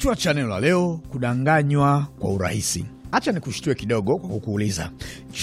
Kichwa cha neno la leo: kudanganywa kwa urahisi. Hacha nikushtue kidogo kwa kukuuliza,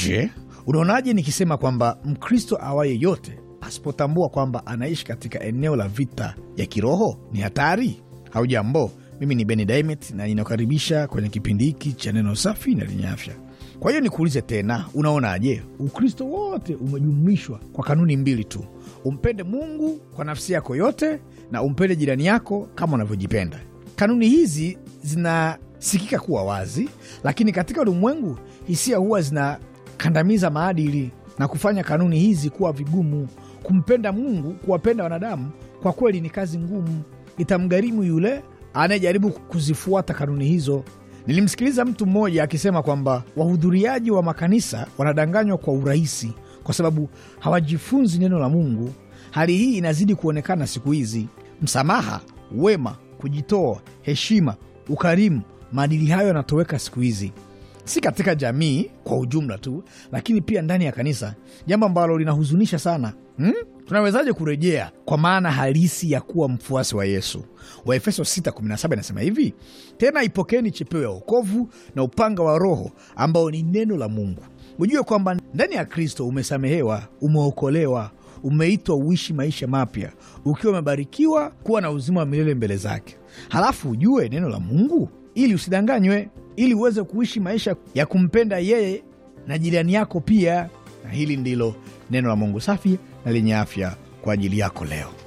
je, unaonaje nikisema kwamba Mkristo awaye yote asipotambua kwamba anaishi katika eneo la vita ya kiroho ni hatari? Haujambo, mimi ni Beni Dimet na ninakaribisha kwenye kipindi hiki cha neno safi na lenye afya. Kwa hiyo nikuulize tena, unaonaje? Ukristo wote umejumlishwa kwa kanuni mbili tu: umpende Mungu kwa nafsi yako yote na umpende jirani yako kama unavyojipenda. Kanuni hizi zinasikika kuwa wazi, lakini katika ulimwengu hisia huwa zinakandamiza maadili na kufanya kanuni hizi kuwa vigumu. Kumpenda Mungu, kuwapenda wanadamu, kwa kweli ni kazi ngumu, itamgharimu yule anayejaribu kuzifuata kanuni hizo. Nilimsikiliza mtu mmoja akisema kwamba wahudhuriaji wa makanisa wanadanganywa kwa urahisi kwa sababu hawajifunzi neno la Mungu. Hali hii inazidi kuonekana siku hizi. Msamaha, wema kujitoa, heshima, ukarimu. Maadili hayo yanatoweka siku hizi, si katika jamii kwa ujumla tu, lakini pia ndani ya kanisa, jambo ambalo linahuzunisha sana hmm? Tunawezaje kurejea kwa maana halisi ya kuwa mfuasi wa Yesu? Waefeso 6:17 inasema hivi, tena ipokeni chepeo ya wokovu na upanga wa Roho ambao ni neno la Mungu, ujue kwamba ndani ya Kristo umesamehewa, umeokolewa umeitwa uishi maisha mapya ukiwa umebarikiwa kuwa na uzima wa milele mbele zake. Halafu ujue neno la Mungu ili usidanganywe, ili uweze kuishi maisha ya kumpenda yeye na jirani yako pia. Na hili ndilo neno la Mungu safi na lenye afya kwa ajili yako leo.